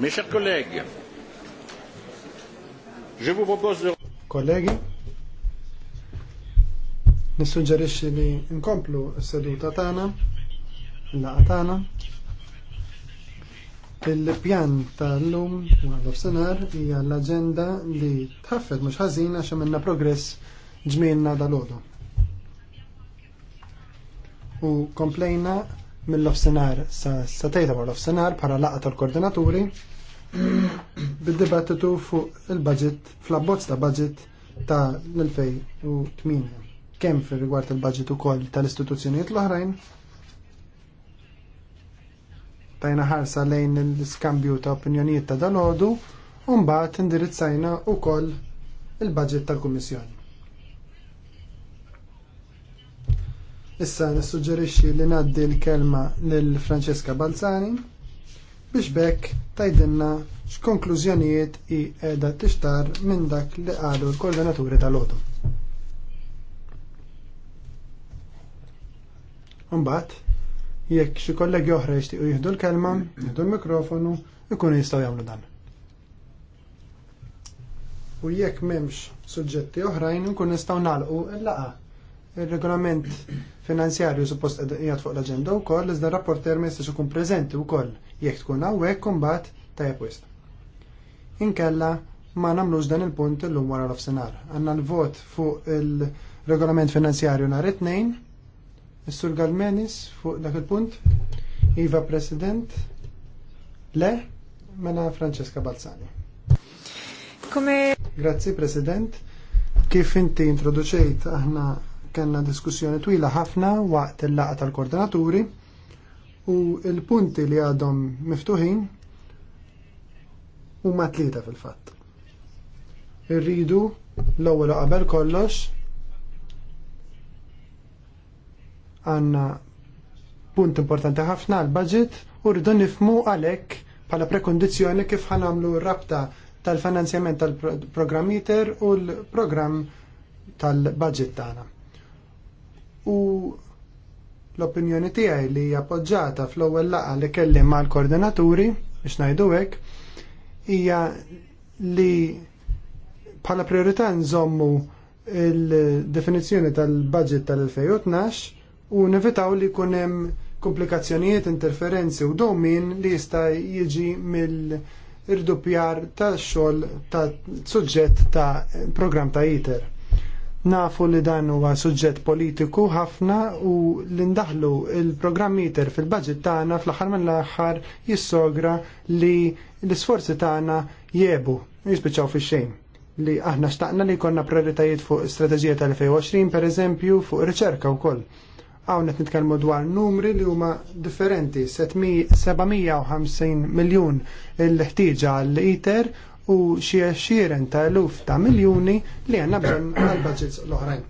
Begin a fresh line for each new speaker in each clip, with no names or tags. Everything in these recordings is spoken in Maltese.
Mes chers collègues, je vous propose de...
Kollegi, nissuġġerixxi li nkomplu s-seduta tagħna, la tana, tagħna. Il-pjan tal-lum għal-offsenar hija l-aġenda li tħaffet mhux ħażin għax progress ġmienna dal u komplejna mill-ofsenar sa satejta mal ofsenar para laqa tal-koordinaturi bid-dibattitu fuq il-budget fl-abbozz ta' budget ta' l-2008 kemm fil rigward il-budget ukoll tal-istituzzjonijiet l-oħrajn tajna ħarsa lejn l-iskambju ta' opinjonijiet ta' dalodu u mbagħad indirizzajna wkoll il-budget tal-Kummissjoni. Issa nissuġġerixxi li ngħaddi l-kelma lil Franceska Balzani biex bekk tajdinna x'konklużjonijiet hi qiegħda tixtar minn dak li qalu l-koordinaturi tal-għodu. Imbagħad, jekk xi kollegi oħra jixtiequ jieħdu l-kelma, jieħdu l-mikrofonu, ikunu jistgħu jagħmlu dan. U jekk m'hemmx suġġetti oħrajn inkun nistgħu nagħlqu l laqgħa Il-regolament finanzjarju suppost jgħat fuq l-agenda u koll, iżda rapporter ma jistax ikun prezenti u koll, jek tkun għawek kumbat ta' jepwist. Inkella ma namlux dan il-punt l-lum wara l-ofsenar. Għanna l-vot fuq il-regolament finanzjarju nar it-tnejn, Is-Sur Galmenis fuq dak il-punt, Iva President, le, mena Francesca Balzani. Come... Grazzi President, kif inti introduċejt aħna kellna diskussjoni twila ħafna waqt il laqgħa tal-koordinaturi u l-punti li għadhom miftuħin huma tlieta fil-fatt. Irridu l-ewwel qabel kollox għandna punt importanti ħafna għall budget u rridu nifmu għalhekk bħala prekondizzjoni kif ħanamlu rabta tal-finanzjament tal-programm ITER u l-programm tal-budget tagħna u l-opinjoni tiegħi li hija fl-ewwel laqgħa li kelli mal-koordinaturi biex ngħidu hekk hija li bħala priorità nżommu il-definizzjoni tal-budget tal-2012 u nevitaw li jkun hemm komplikazzjonijiet, interferenzi u domin li jista' jiġi mill-irdupjar tax xogħol ta' suġġett ta' programm ta' ITER. Nafu li dan huwa suġġett politiku ħafna u li ndaħlu il-programmiter fil-budget tagħna fl-aħħar mill-aħħar jissogra li l-isforzi tagħna jebu jispiċċaw fix-xejn li aħna xtaqna li konna prioritajiet fuq strateġija tal-2020 per eżempju fuq riċerka wkoll. Hawn qed nitkellmu dwar numri li huma differenti 750 miljun il-ħtieġa għall iter u xie xieren ta' eluf ta' miljuni li għanna bżonn għal-budgets l-oħrajn.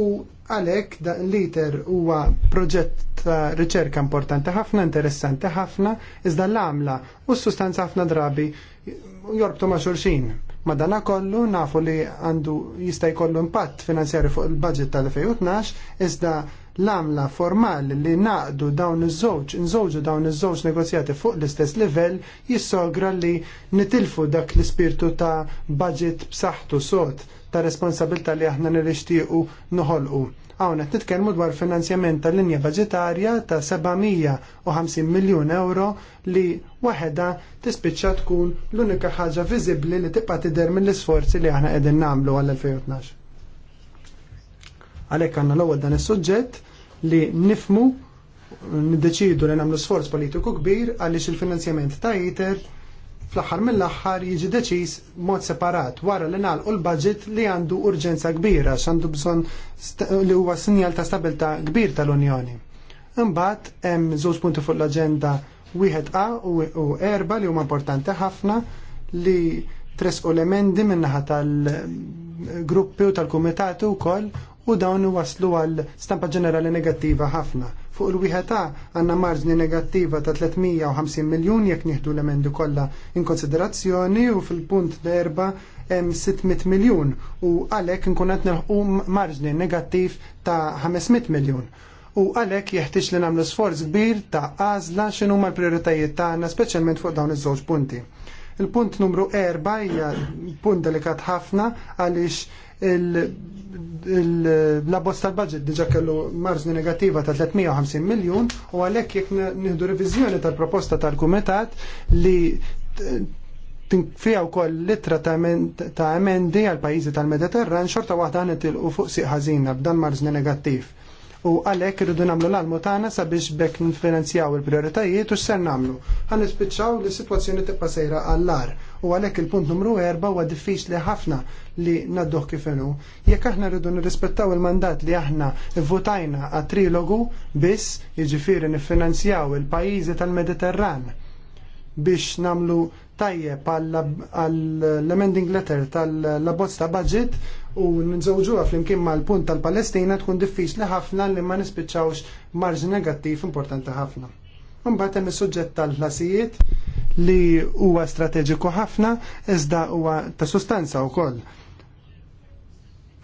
U għalek dan iter huwa proġett ta' riċerka importanti ħafna, interessanti ħafna, iżda l-għamla u s-sustanza ħafna drabi jorbtu ma' xurxin. Ma dana kollu nafu li għandu jista' jkollu impatt finanzjari fuq il-budget tal-2012, iżda l-għamla formali li naqdu dawn iż-żewġ, nżewġu dawn iż-żewġ negozjati fuq l-istess livell jissogra li nitilfu dak l-ispirtu ta' budget b'saħħtu sod ta' responsabilta li aħna nirixtiequ noħolqu. Hawn qed nitkellmu dwar finanzjament tal linja budgetarja ta' 750 miljun euro li waħedha tispiċċa tkun l-unika ħaġa viżibbli li tibqa' tidher mill-isforzi li aħna qegħdin nagħmlu għall-2012 Għalhekk għandna l-ewwel dan is-suġġett li nifmu niddeċidu li nagħmlu sforz politiku kbir għaliex il-finanzjament ta' ITER fl-aħħar mill-aħħar jiġi deċiż mod separat wara li nagħlqu l-budget li għandu urġenza kbira x'għandu bżonn li huwa sinjal ta' stabilità kbir tal-Unjoni. Imbagħad hemm żewġ punti fuq l-aġenda wieħed A u erba li huma importanti ħafna li tresqu l-emendi minnaħa tal-gruppi u tal-kumitati u koll u dawn waslu għal stampa ġenerali negattiva ħafna. Fuq il-wieħed għanna għandna marġni negattiva ta' 350 miljun jekk nieħdu l-emendi kollha in konsiderazzjoni u fil-punt derba hemm 600 miljun u għalhekk inkun qed nilħqu marġni negattiv ta' 500 miljun u għalek jeħtieġ li nagħmlu sforz kbir ta' għażla x'inhu mal l-prijoritajiet tagħna speċjalment fuq dawn iż-żewġ punti. Il-punt numru 4 hija punt delikat ħafna għaliex l-abbozz tal-budget diġa kellu marżni negativa ta' 350 miljon u għalhekk jekk nieħdu revizjoni tal-proposta tal-kumitat li fija wkoll litra ta' emendi għal pajjiżi tal-Mediterran xorta waħda nitilqu fuq siq b'dan marżni negattiv. U għalhekk irridu nagħmlu l-almu tagħna sabiex bekk nfinanzjaw il-prioritajiet u x'ser nagħmlu. Ħan nispiċċaw li s-sitwazzjoni tibqa' sejra għall-ar u għalhekk il-punt numru 4 huwa diffiċli ħafna li nadduh kifenu. Jekk aħna rridu nirrispettaw il-mandat li aħna votajna għat trilogu biss jiġifieri niffinanzjaw il-pajjiżi tal-Mediterran biex namlu tajjeb għall-amending letter tal-abbozz ta' budget u nżewġuha flimkien mal-punt tal-Palestina tkun diffiċli ħafna li ma nispiċċawx marġi negattiv importanti ħafna. Mbagħad hemm is-suġġett tal-ħlasijiet li huwa strateġiku ħafna iżda huwa ta' sustanza wkoll.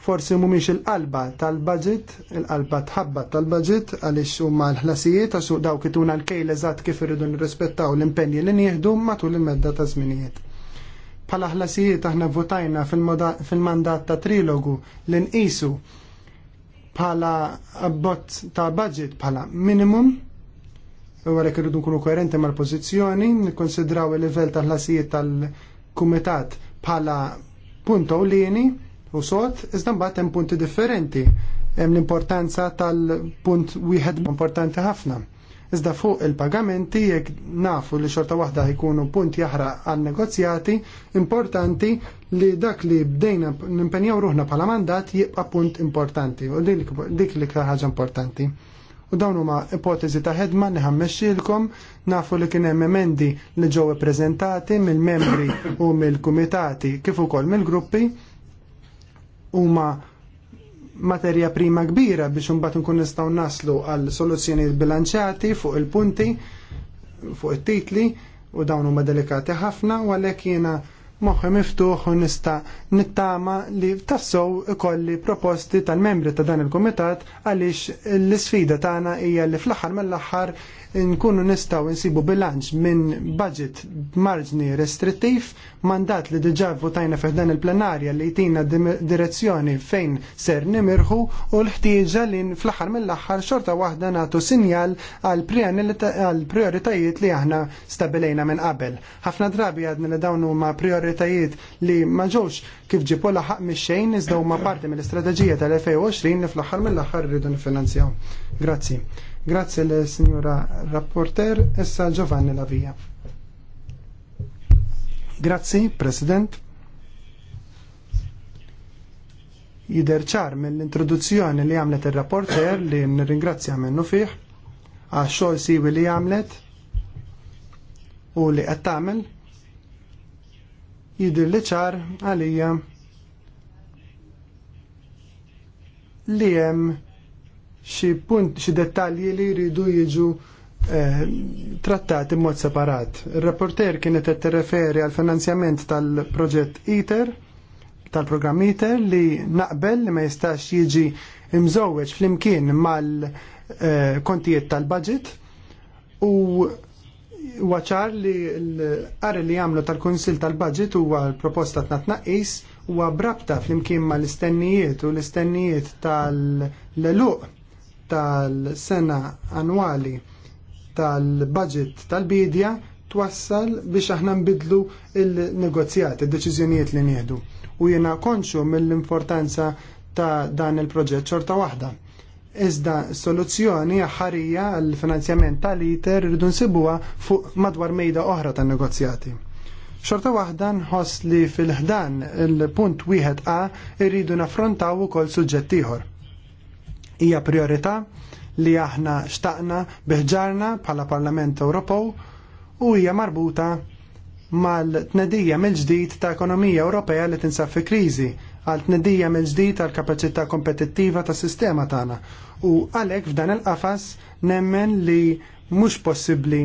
Forsi mhumiex il-qalba tal-budget, il-qalba tħabba tal-budget għaliex huma l-ħlasijiet għax dawk ituna l-kejl eżatt kif irridu nirrispettaw l-impenji li nieħdu matul il-medda ta' żminijiet. Bħala ħlasijiet aħna votajna fil-mandat ta' trilogu l-inqisu bħala abbozz ta' budget bħala minimum u għalhekk nkunu koerenti mal-pożizzjoni, nikkonsidraw il-livell ta' ħlasijiet tal-kumitat bħala punt ewlieni u sod, iżda mbagħad hemm punti differenti. Hemm l-importanza tal-punt wieħed importanti ħafna. Iżda fuq il-pagamenti jekk nafu li xorta waħda jkunu punt jaħra għal negozjati, importanti li dak li bdejna nimpenjaw ruħna bħala mandat jibqa punt importanti u dik li ħaġa importanti. U dawn huma ipotezi ta' ħedma li ħammexxilkom nafu li kien hemm emendi li ġew ippreżentati mill-membri u mill-kumitati kif ukoll mill-gruppi huma materja prima kbira biex imbagħad nkun nistgħu naslu għal soluzzjonijiet bilanċjati fuq il-punti fuq it-titli u dawn huma delikati ħafna u għalhekk jiena moħħi miftuħ u nista nittama li tassow ikolli proposti tal-membri ta' dan il kumitat għaliex l isfida tagħna hija li fl-aħħar mill-aħħar nkunu nistaw insibu bilanċ minn budget marġni restrittiv, mandat li diġa votajna f'dan il-plenarja li jtina direzzjoni fejn ser nimirħu u l-ħtieġa li fl-aħħar mill-aħħar xorta waħda nagħtu sinjal għal prioritajiet li aħna stabilejna minn qabel. Ħafna drabi għadna li dawn huma prioritajiet li ma ġewx kif ġipu laħaq mix-xejn iżda huma parti mill istrategija tal-2020 li fl-aħħar mill-aħħar rridu nifinanzjaw. Grazzi. Grazzi l-Signora Rapporter, essa Giovanni Lavia. Grazzi, President. Jider ċar mill-introduzzjoni li għamlet il-rapporter li nirringrazzja minnu fih għax xogħol siwi li għamlet u li qed tagħmel jidir li ċar għalija li hemm xi punt xi dettalji li jridu jiġu eh, trattati mod separat. Il-rapporter kienet qed tirreferi għal finanzjament tal-proġett ITER, tal-programm ITER li naqbel li ma jistax jiġi imżowweġ flimkien mal-kontijiet eh, tal-budget u waċar li l-qari li għamlu tal-Konsil tal-Budget huwa l-proposta ta' tnaqqis huwa brabta flimkien mal istennijiet u l-istennijiet tal-luq tal-sena annwali tal-budget tal-bidja twassal biex aħna nbidlu il-negozjati, il-deċiżjonijiet li nieħdu. U jiena konxu mill-importanza ta' dan il-proġett xorta waħda. Iżda soluzzjoni ħarija għall finanzjament tal-ITER irridu nsibuha fuq madwar mejda oħra tan negozjati. Xorta waħda nħoss li fil-ħdan il-punt wieħed A irridu naffrontaw ukoll suġġett ieħor Hija priorità li aħna xtaqna biħġarna bħala Parlament Ewropew u hija marbuta mal-tnedija mill-ġdid ta' ekonomija Ewropea li tinsab fi kriżi għal tnedija mill-ġdid għal kapaċità kompetittiva tas sistema tagħna. U għalhekk f'dan il-qafas nemmen li mhux possibbli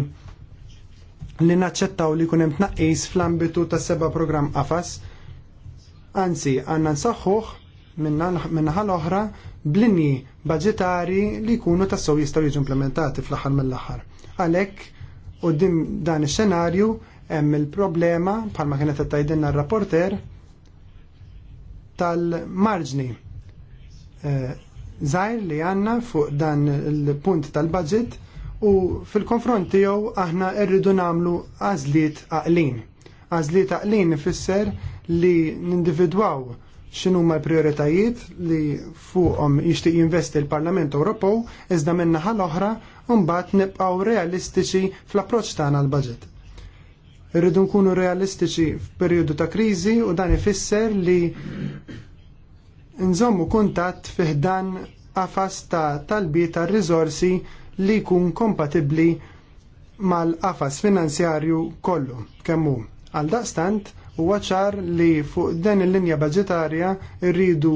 li naċċettaw li kunem tnaqqis fl-ambitu tas seba programm qafas. Anzi, għandna nsaħħuh minna l oħra blinni budgetari li jkunu tassaw jistgħu jiġu implementati fl-aħħar mill-aħħar. Għalhekk u dan ix-xenarju hemm il-problema bħalma kienet qed tgħidilna r-rapporter tal-marġni Zajr eh, li għandna fuq dan il-punt tal-budget u fil-konfront tiegħu aħna rridu nagħmlu għażliet għaqlin. Għazliet għaqlin ifisser li nindividwaw xinu ma l-prioritajiet li fuqhom jixtieq jinvesti l-Parlament Ewropew iżda minn naħa l-oħra mbagħad nibqgħu realistiċi fl-approċċ tagħna l-budget. Irridu nkunu realistiċi f'perjodu ta' kriżi u dan ifisser li nżommu kuntatt fih dan qafas ta' talbi ta' riżorsi li jkun kompatibbli mal-qafas finanzjarju kollu kemmu. Għal daqstant, Huwa ċar li fuq dan il-linja budgetarja rridu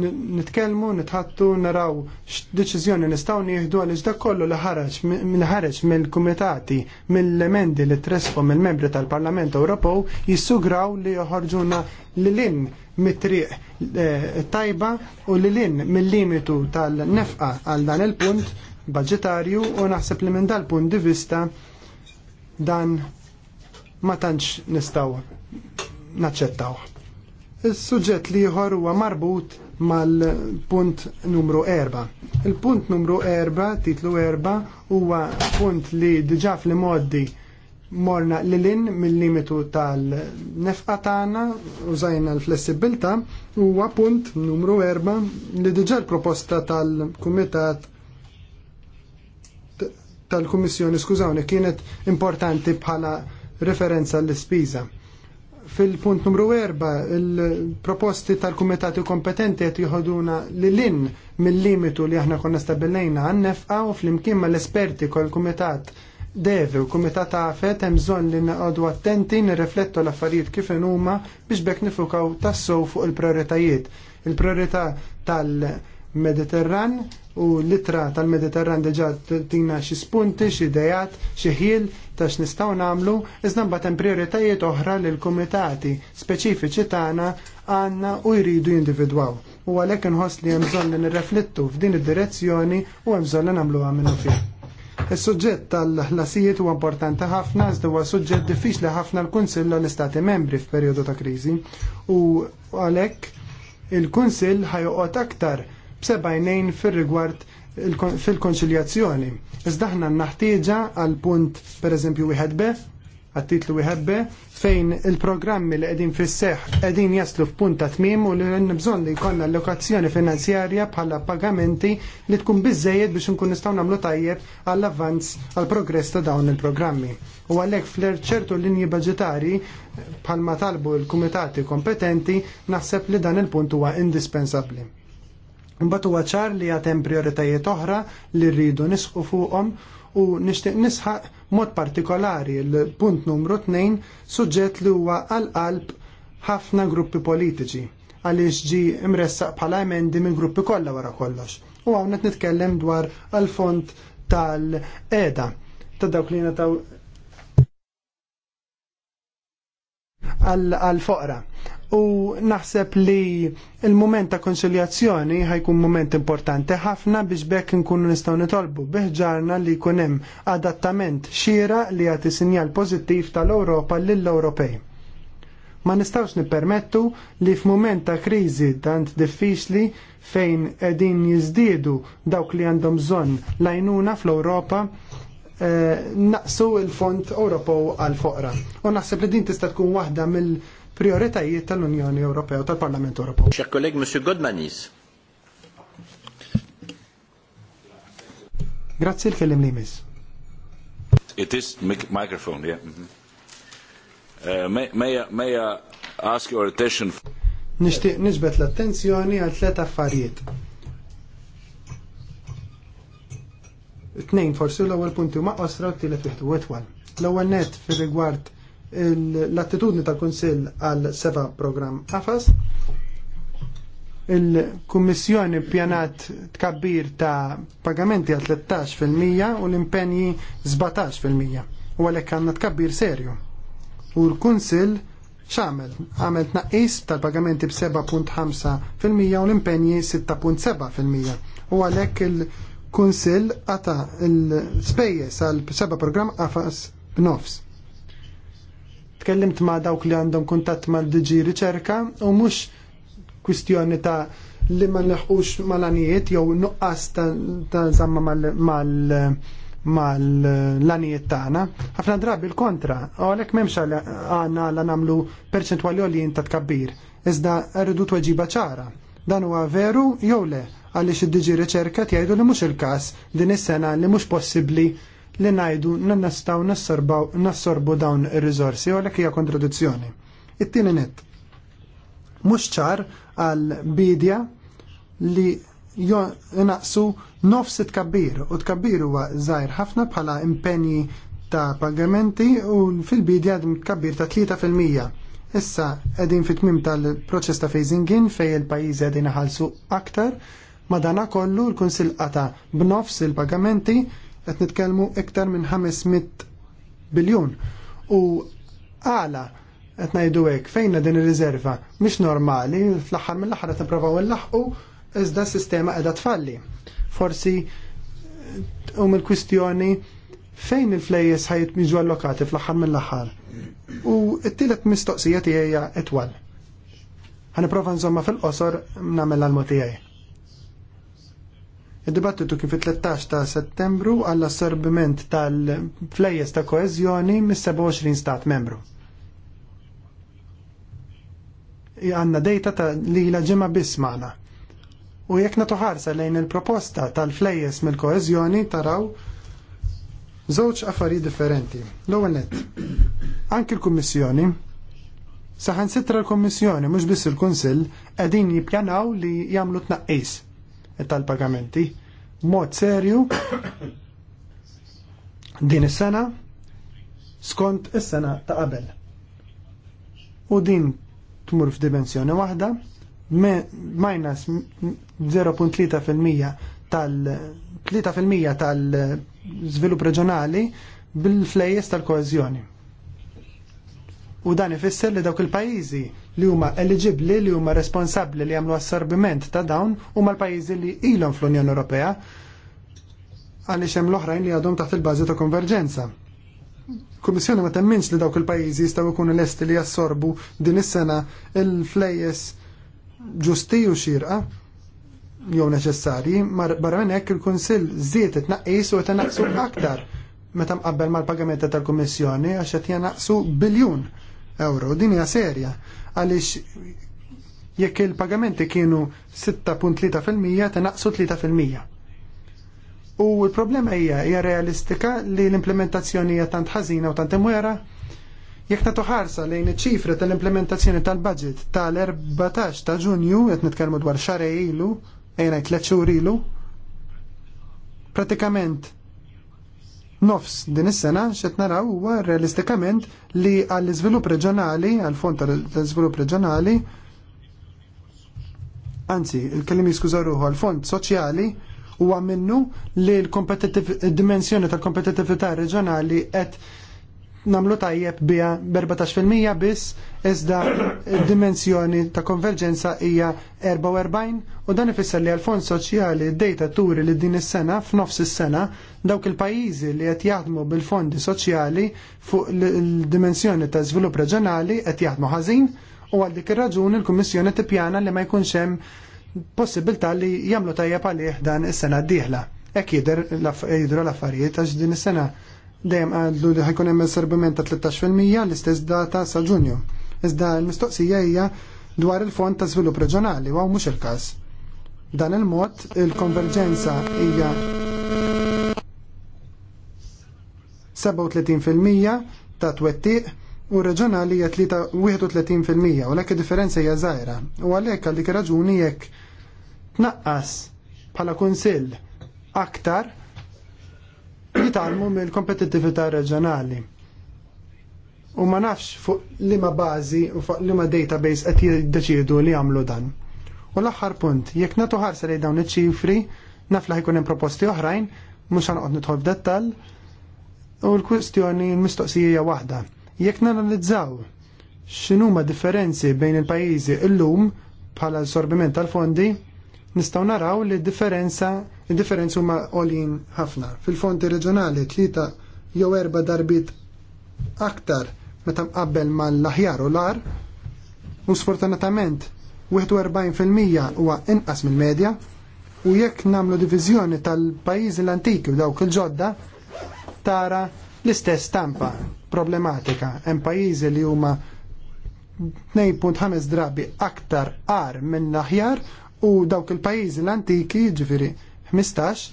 nitkellmu, nitħattu, naraw x'deċiżjoni nistgħu nieħdu għaliex dak kollu li ħareġ mill ħareġ mill-kumitati mill-emendi li tresfu mill-membri tal-Parlament Ewropew jissugraw li joħorġuna lilin mit-triq eh, tajba u lilin mill-limitu tal-nefqa għal dan il-punt budgetarju u naħseb li minn dal-punt di vista dan ma tantx nistgħu naċċettawh. Is-suġġett li ieħor huwa marbut mal-punt numru 4. Il-punt numru 4, titlu 4, huwa punt li diġà fl-modi morna lilin mill-limitu tal-nefqa tagħna użajna l-flessibilta huwa punt numru 4 li diġà l-proposta tal-Kumitat tal-Kummissjoni skużawni kienet importanti bħala referenza l-ispiża fil-punt numru 4 il-proposti tal-kumitati kompetenti qed jħoduna l in mill-limitu li aħna konna stabilnejna għan-nefqa fl-imkien mal-esperti kol-kumitat Devi u kumitat għafet hemm bżonn li nqogħdu attenti nirriflettu l-affarijiet kif huma biex bekk nifukaw tassu fuq il-prioritajiet. Il-priorità tal- Mediterran u l-itra tal-Mediterran deġa tina xi spunti, xi dejat, xi ħil ta' x'nistgħu nagħmlu, iżda mbagħad hemm prioritajiet oħra lil kumitati speċifiċi tagħna għandna u jridu jindividwaw. U għalhekk inħoss li hemm bżonn li nirreflettu f'din id-direzzjoni u hemm bżonn li nagħmluha minnu fih. Is-suġġett tal-ħlasijiet huwa importanti ħafna iżda huwa suġġett diffiċli ħafna l-Kunsill l-Istati membri f'perjodu ta' kriżi u għalhekk il-Kunsill ħajoqgħod aktar b'sebajnejn fir-rigward fil-konċiljazzjoni. Iżda aħna naħtieġa għal punt pereżempju wieħed be, għat-titlu wieħed be, fejn il-programmi li qegħdin fis-seħħ qegħdin jaslu f'punt ta' tmiem u li bżonn li jkollna allokazzjoni finanzjarja bħala pagamenti li tkun biżejjed biex nkun nistgħu nagħmlu tajjeb għall-avvanz għall progress ta' dawn il-programmi. U għalhekk fl ċertu linji budġetari bħalma talbu l-kumitati kompetenti naħseb li dan il-punt huwa indispensabbli. Mbatu huwa ċar li għatem prioritajiet oħra li rridu nisqu fuqhom u nixtieq nisħaq mod partikolari l-punt numru 2 suġġett li huwa għal-qalb ħafna gruppi politiċi għaliex ġi imressaq bħala emendi minn gruppi kollha wara kollox. U hawn nitkellem dwar għal-font tal eda ta' dawk li nataw għal-foqra u naħseb li il-moment ta' konsiljazzjoni ħajkun moment importanti ħafna biex bekk nkunu nistgħu nitolbu biħġarna li jkun hemm adattament xira li għati sinjal pożittiv tal-Ewropa lill-Ewropej. Ma nistgħux nippermettu li f'mument ta' kriżi tant diffiċli fejn qegħdin jiżdiedu dawk li għandhom bżonn lajnuna fl-Ewropa eh, naqsu il-Fond Ewropew għal-Foqra. U naħseb li din tista' tkun waħda mill- prioritajiet tal-Unjoni Ewropea tal-Parlament Ewropew.
Cher kolleg, Monsieur Godmanis.
Grazzi l-kellim li mis.
It is microphone, yeah. Mm -hmm. uh, may, may, may I ask your attention?
Nishtiq nisbet l-attenzjoni għal tlet affarijiet. Tnejn forsi l-ewwel punti huma qosra u t-tielet wieħed u L-ewwel net fir-rigward l-attitudni tal-Kunsill għal seba program AFAS. Il-Kummissjoni pjanat tkabbir ta' pagamenti għal 13% u l-impenji 17% u għalek għanna tkabbir serju. U l-Kunsill ċamel għamel tnaqis tal-pagamenti b-7.5% u l-impenji 6.7% u għalek il-Kunsill għata l spejjes għal seba program AFAS b'nofs Tkellimt ma' dawk li għandhom kuntatt ma' diġi riċerka u mhux kwistjoni ta' li ma' nleħqux mal-anijiet jew nuqqas ta' nżamma mal-anijiet tagħna. Ħafna drabi l-kontra, u għalhekk m'hemmx għandna la nagħmlu perċentwali għolin ta' tkabbir. Iżda rridu tweġiba ċara. Dan huwa veru jew le għaliex id-diġi riċerka jgħidu li mhux il-każ din is-sena li mhux possibbli li najdu nannastaw nassorbu dawn ir rizorsi u hija kontradizzjoni. It-tieni nett. Mhux ċar għal bidja li naqsu nofs it-kabbir u tkabbir huwa zaħir ħafna bħala impenji ta' pagamenti u fil-bidja tkabbir ta' 3%. Issa qegħdin fit mim tal-proċess ta' phasing in fejn il-pajjiżi qegħdin ħalsu aktar, madana kollu l kunsil qata b'nofs il-pagamenti qed nitkellmu iktar minn 500 biljun u għala qed ngħidu hekk fejn din ir-riserva mhix normali fl-aħħar mill-aħħar qed nippruvaw inlaħqu iżda s-sistema qiegħda tfalli. Forsi hum il-kwistjoni fejn il-flejjes ħajt miġu allokati fl aħħar mill aħħar U t-tilet mistoqsija tiegħi etwal. Ħaniprofa nżomma fil-qosor nagħmel l-almu Id-dibattitu kif 13 ta' settembru għall assorbiment tal-flejjes ta' koezjoni mis-27 stat membru. Għanna dejta ta' li la ġemma bismana. U jekk natuħarsa lejn il-proposta tal-flejjes mill-koezjoni taraw żewġ affarijiet differenti. L-ewwel nett, anki l-Kummissjoni saħan sitra l-Kommissjoni mhux biss il-Kunsill qegħdin jippjanaw li jagħmlu tnaqqis tal-pagamenti. Mod serju din is-sena skont is-sena ta' qabel. U din tmur f'dimensjoni waħda minus 0.3% tal-3% tal-żvilupp reġjonali bil-flejjes tal-koeżjoni. U dan ifisser li dawk il-pajjiżi li huma eligibli li huma responsabbli li jagħmlu assorbiment ta' dawn huma l-pajjiżi li ilhom fl-Unjoni Ewropea għaliex hemm l-oħrajn li għadhom taħt il-bażi ta' konverġenza. Kummissjoni ma temminx li dawk il-pajjiżi jistgħu jkunu lesti li jassorbu din is-sena il-flejjes ġusti u xirqa jew neċessarji, barra minn hekk il-Kunsill żied itnaqqis u qed naqsu aktar meta mqabbel mal-pagamenti tal-Kummissjoni għax qed jenaqsu biljun euro. Din hija serja għaliex jekk il-pagamenti kienu 6.3% naqsu 3%. U l-problema hija hija realistika li l-implementazzjoni hija tant ħażina u tant imwera Jekk nagħtu ħarsa lejn iċ-ċifra tal-implementazzjoni tal-budget tal-14 ta' Ġunju qed nitkellmu dwar xahar ilu, ejna tliet xhur ilu, pratikament Nofs din is-sena xed naraw huwa realistikament li għall-iżvilupp reġjonali, għall-fond tal-iżvilupp reġjonali, anzi, il-kellim jiskużaw ruħu għall-fond soċjali huwa minnu li l-dimensjoni tal-kompetittività reġjonali qed namlu tajjeb bija b-14% biss iżda dimensjoni ta' konverġenza hija 44 u dan ifisser li għal-fond soċjali d-dejta turi li din is-sena f'nofs is-sena dawk il-pajjiżi li qed jaħdmu bil-fondi soċjali fuq l-dimensjoni ta' żvilupp reġjonali qed jaħdmu ħażin u għal dik ir-raġuni l-Kummissjoni tippjana li ma jkunx hemm possibilità li jagħmlu tajjeb għalih dan is-sena d-dieħla. Hekk jidher l-affarijiet għax din is-sena dejjem għadlu li ħajkun hemm serbiment ta' 13% l-istess data sa' Ġunju. Iżda l-mistoqsija hija dwar il-fond ta' żvilupp reġjonali u mhux il-każ. Dan il-mod il-konverġenza hija 37% ta' twettiq u reġjonali hija 31% u l ekki differenza hija żgħira. U għalhekk għalik raġuni jekk tnaqqas bħala kunsill aktar jitalmu mill-kompetittività reġjonali. U ma nafx fuq liema bażi u fuq liema database qed jiddeċiedu li jagħmlu dan. U l-aħħar punt, jekk nagħtu ħarsa lejn dawn iċ-ċifri, naf li ħajkun hemm proposti oħrajn, mhux ħanqod nidħol f'dettall, u l-kwistjoni l-mistoqsija waħda. Jekk nanalizzaw x'inhuma differenzi bejn il-pajjiżi llum bħala l-sorbiment tal-fondi, nistgħu naraw li differenza Indifferenzi huma għolin ħafna. Fil-fonti reġjonali tlieta jew erba' darbit aktar meta mqabbel mal-aħjar u l-ar u sfortunatament 41% huwa inqas mill-medja u jekk nagħmlu diviżjoni tal-pajjiżi l-antiki u dawk il-ġodda tara l-istess stampa problematika. Hemm pajjiżi li huma 2.5 drabi aktar ar minn l-aħjar u dawk il-pajjiżi l-antiki ġifiri 15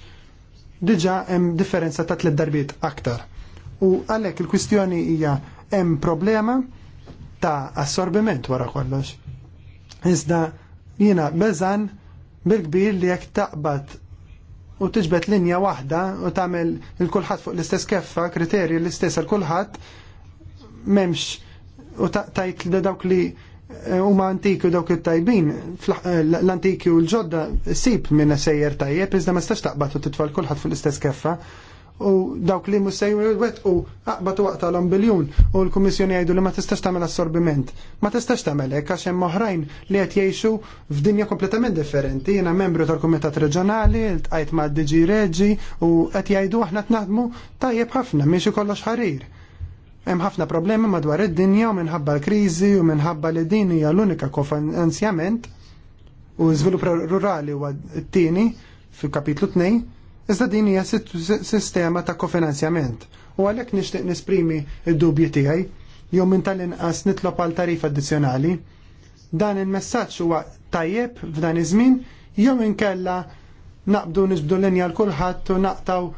diġa hemm differenza ta' tliet darbiet aktar. U għalhekk il-kwistjoni hija hemm problema ta' assorbiment wara kollox. Iżda jiena beżan bil-kbir li jekk taqbad u tiġbed linja waħda u tagħmel il-kulħadd fuq l-istess keffa, kriterji l-istess għal kulħadd m'hemmx u tajt li dawk li Eh, huma antiki u dawk it-tajbin, eh, l-antiki u l-ġodda sib minn sejjer tajjeb, iżda ma stax taqbad u titfal kulħadd fil-istess keffa. U dawk li mhux sejjer wet u aqbad waqtalhom biljun u l-Kummissjoni jgħidu li ma tistax tagħmel assorbiment. Ma tistax tagħmel hekk għax hemm oħrajn li qed jgħixu f'dinja kompletament differenti. Jiena membru tal-Kumitat Reġjonali, tqajt ma' DG Reġi u qed jgħidu aħna tnaħdmu tajjeb ħafna miex kollox ħarir Hemm ħafna problemi madwar id-dinja u minħabba l-kriżi u minħabba li din hija l-unika kofinanzjament u żvilupp rurali huwa t-tieni fil-kapitlu 2, iżda din hija sistema ta' kofinanzjament. U għalhekk nixtieq nisprimi d dubji tiegħi jew minn tal-inqas nitlob għal tarif addizzjonali. Dan il-messaġġ huwa tajjeb f'dan iż-żmien jew inkella naqbdu nisbdu linja l kulħadd u naqtaw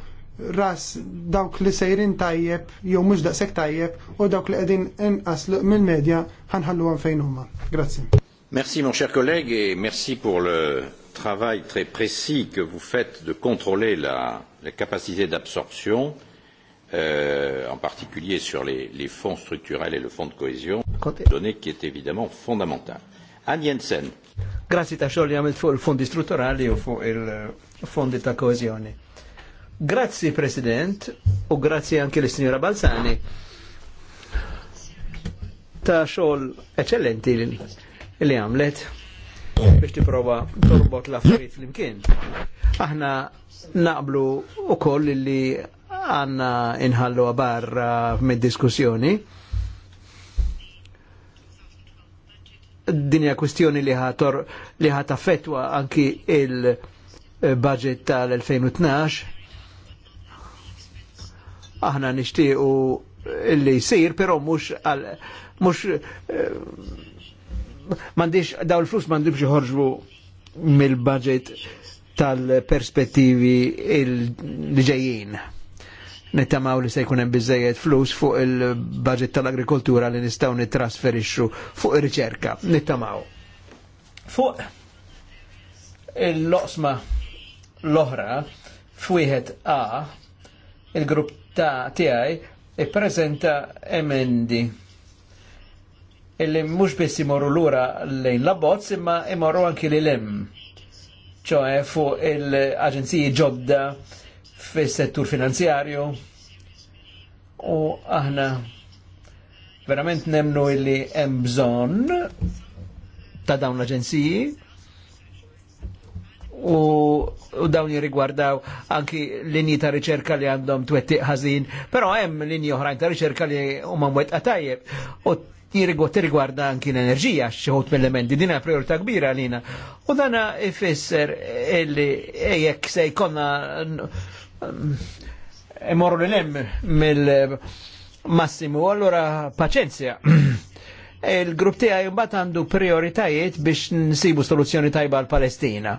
ras dawk li sejrin tajjeb, jew mhux daqshekk tajjeb, u dawk li qegħdin inqas mill-medja ħanħallu fejn huma. Grazzi.
Merci mon cher collègue et merci pour le travail très précis que vous faites de contrôler la, la capacité d'absorption, euh, en particulier sur les, les fonds structurels et le fonds de cohésion, donnée qui est évidemment fondamentale. Anne Jensen. Grazie Tachol, xogħol li għamilt fuq il-fondi strutturali u fuq il-fondi ta' koezjoni. Grazzi President u grazzi anki l-Sinjora Balzani ta' xogħol eccellenti li għamlet biex tipprova torbot l-affarijiet flimkien. Aħna naqblu koll li għanna inħallu barra mid-diskussjoni. Dinja kwistjoni li ħat li anki il-budget tal-2012 aħna nixtiequ illi jsir, però mhux mux eh, m'għandix daw il-flus m'għandix ħorġu mill-budget tal-perspettivi il ġejjin. Nittamaw li se jkun hemm flus fuq il-budget tal-agrikoltura li nistgħu nittrasferixxu fuq ir-riċerka. Nittamaw. Fuq il-loqsma l-oħra f'wieħed A il-grupp ta' tiegħi ippreżenta emendi illi mhux biss imorru lura lejn l-abbozz imma imorru anki li lem ċoħe fuq il-aġenziji ġodda fis-settur finanzjarju u aħna verament nemnu illi hemm bżonn ta' dawn l-aġenziji u, u dawn jirrigwardaw anki linji ta' riċerka li għandhom twetti ħażin, però hemm linji oħrajn ta' riċerka li huma mwet tajjeb. U tirrigwarda anki l-enerġija xieħut mill-elementi, dina priorità kbira għalina. U dana ifisser illi jekk se jkonna imorru l-lem mill-massimu, allora paċenzja. il-grupp tiegħi mbagħad għandu prioritajiet biex nsibu soluzzjoni tajba għal Palestina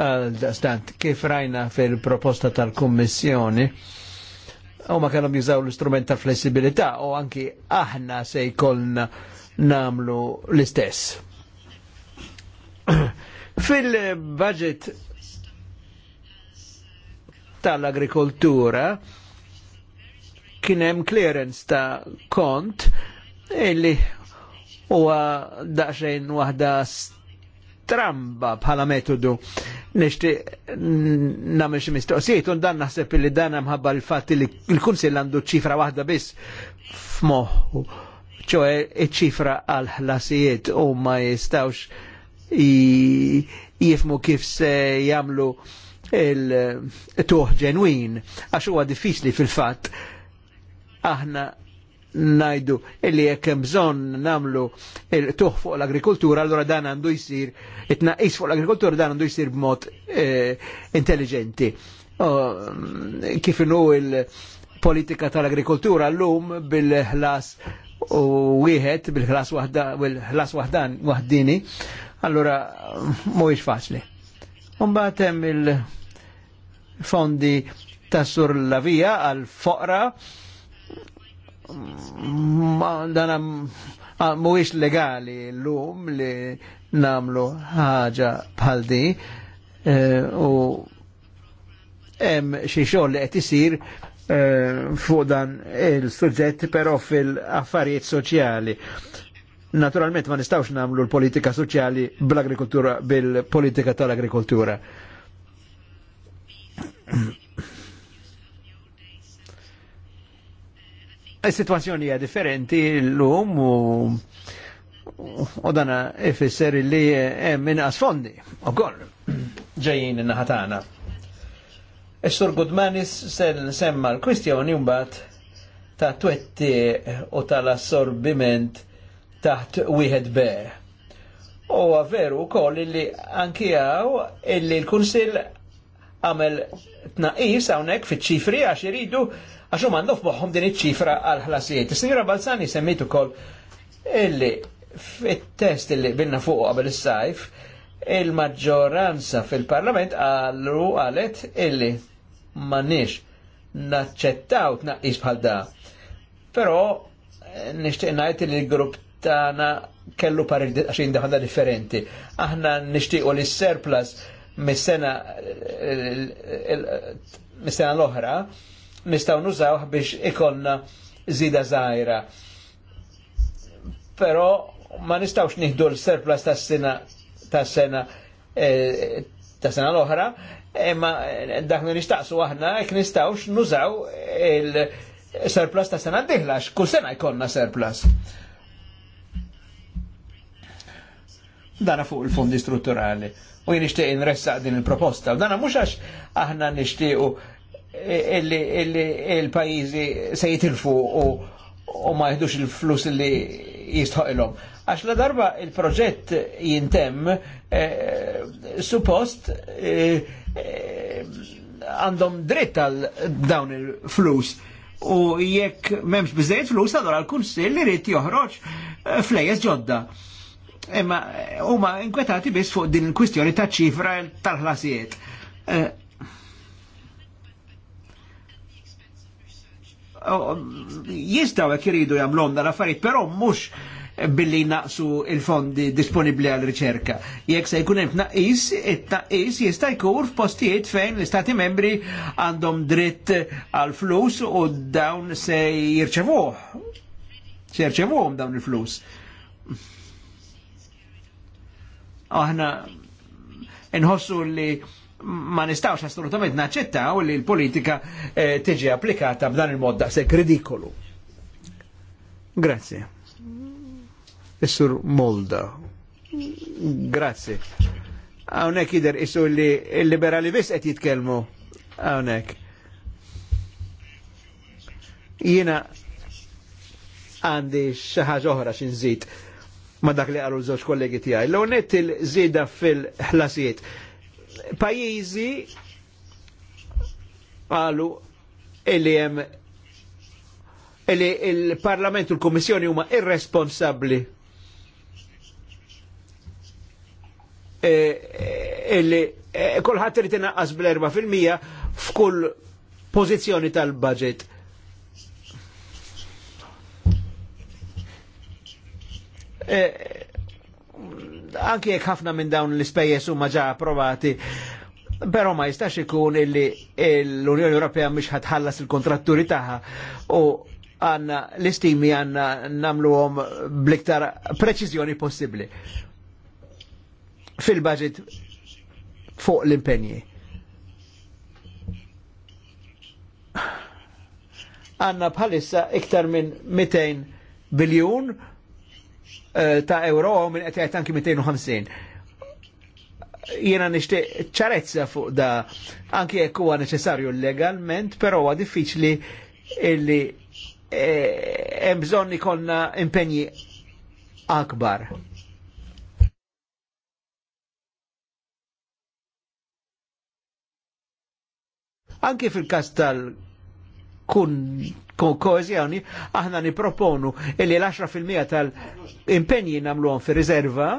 għal stant kif rajna fil-proposta tal-Kommissjoni u ma kellhom jużaw l-istrument tal-flessibilità u anki aħna se jkollna namlu l-istess. Fil-budget tal-agrikoltura kien hemm clearance ta' kont illi huwa daqsxejn waħda stramba bħala metodu nishti namel xi mistoqsijiet un dan naħseb li dan mħabba l fat li l-Kunsill għandu ċifra waħda biss f'moħħu, ċoħe ċifra għal ħlasijiet u ma jistawx jifmu kif se jamlu il-tuħ ġenwin, għax huwa diffiċli fil-fatt aħna najdu illi jekk hemm bżonn nagħmlu tuħ fuq l-agrikoltura, allura dan għandu jsir itnaqis fuq l-agrikoltura dan għandu jsir b'mod eh, intelligenti. Mm, kif inhu il-politika tal-agrikoltura llum bil-ħlas u wieħed bil-ħlas bil-ħlas waħdan waħdini, allura mm, mhuwiex faċli. Mbagħad hemm il-fondi tas-sur via għal-foqra ma dana mhuwiex legali l-lum li namlu ħaġa bħal di eh, u hemm xi xogħol li qed isir eh, fuq dan il-suġġett però fil-affarijiet soċjali. Naturalment ma nistawx namlu l-politika soċjali bl-agrikoltura bil-politika tal-agrikoltura. Is-sitwazzjoni hija differenti l-lum u u dana ifisser li hemm inqas fondi ukoll ġejjin in-naħatana. Is-Sur Gudmanis se nsemma l-kwistjoni mbagħad ta' twetti u tal-assorbiment taħt wieħed B. U veru wkoll li anki hawn illi l-Kunsill għamel tnaqis hawnhekk fiċ-ċifri għax iridu għaxu huma għandhom din iċ-ċifra għal ħlasijiet. Signora sinjura Balzani semmitu ukoll illi fit-test illi binna fuq għabel is-sajf il-maġġoranza fil-Parlament għallu għalet illi m'għandniex naċċettaw tnaqqis bħal da. Però nixtieq ngħid li l-grupp tagħna kellu parir għaxin daħna differenti. Aħna nixtiequ li s-surplus mis-sena mis-sena l-oħra nistaw nużawh biex ikonna zida zaħira. Pero ma nistawx nihdu l-surplus tas sena ta' sena e, ta' sena l-oħra, imma e, dak li nistaqsu aħna jekk nistawx nużaw il-surplus ta' sena diħlax, dihla kull sena jkollna surplus. Dana fuq il-fondi strutturali u jien in inressaq din il-proposta. dana mhux għax aħna nixtiequ il-pajizi se jitilfu u ma jihdux il-flus li jistħoqilhom. Għax la darba il-proġett jintem eh, suppost eh, għandhom dritt għal dawn il-flus u jekk memx bizzejt flus għadora l-kunsill rrit joħroġ eh, flejes ġodda. Imma ma inkwetati bis fuq din il-kwistjoni ta' ċifra tal-ħlasijiet. jistaw jek jiridu jamlom dal-affarijiet, pero mux billi naqsu il-fondi disponibli għal riċerka. Jek se jkun hemm tnaqqis, it-tnaqqis jista' jkun f'postijiet fejn l-Istati membri għandhom dritt għal flus u dawn se jirċevuh. Se jirċevuhom dawn il-flus. Aħna nħossu li ma nistawx assolutament naċċettaw li l-politika eh, tiġi applikata b'dan il-mod daqshekk ridikolu. Grazie. Is-sur Molda. Grazie. Hawnhekk jidher isu li l-liberali biss qed jitkellmu hawnhekk. Jiena għandi xi ħaġa oħra xi nżid ma dak li qalu żewġ kollegi tiegħi. L-għonet il-żieda fil-ħlasijiet Pajizi għalu illi jem illi il-Parlament u l-Kommissjoni huma irresponsabli e, e, illi e, kolħat irid inaqqas bl-4% f'kull pozizjoni tal-budget. E, anki jekk ħafna minn dawn l-ispejjeż huma ġa approvati, però ma jistax ikun illi l-Unjoni Ewropea mhix ħatħallas il-kontratturi tagħha u għanna l-istimi għanna namluhom bliktar preċiżjoni possibbli fil-budget fuq l-impenji. Għanna bħalissa iktar minn 200 biljun Eh, ta' euro minn qed jgħid anki 250. Jiena nixtieq ċarezza fuq da anki jekk huwa neċessarju legalment, però huwa diffiċli illi eh, hemm bżonn ikollna impenji akbar. Anki fil-kas tal-kun koezjoni, aħna niproponu illi l-10% tal-impenji namluhom fi riserva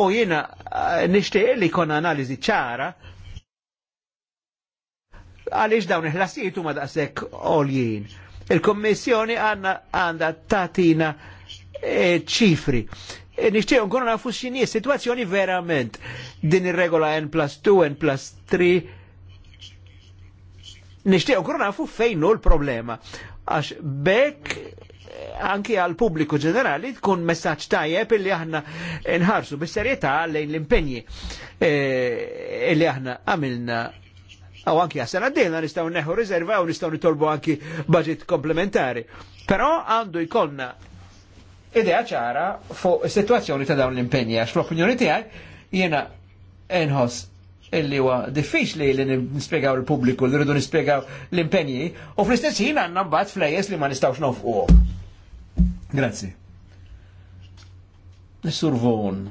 U jina eh, nishtiq li kon analizi ċara għaliex dawn il-ħlasijiet huma daqshekk għoljien. Il-Kommissjoni għandha tatina eh, ċifri. E nixtiequ nkunu nafu x'inhi situazzjoni verament din il regola n plus 2, n plus 3. Nixtiequ nkunu nafu fejn hu l-problema. Għax bekk eh, anki għal pubbliku ġenerali tkun messaġġ tajjeb illi aħna nħarsu bis-serjetà lejn l-impenji eh, illi aħna għamilna għaw anki għasena d-dina nistaw neħu rizerva u nistaw nitolbu anki budget komplementari. Però għandu jkollna idea ċara fuq situazzjoni ta' dawn l impegni għax fl-opinjoni tiegħi jena enħos illi huwa diffiċli li nispiegaw l pubbliku li rridu nispiegaw l impegni u fl-istess ħin għandna mbagħad flejes li ma nistgħux nofquhom. Grazzi. Nissur Vaughan.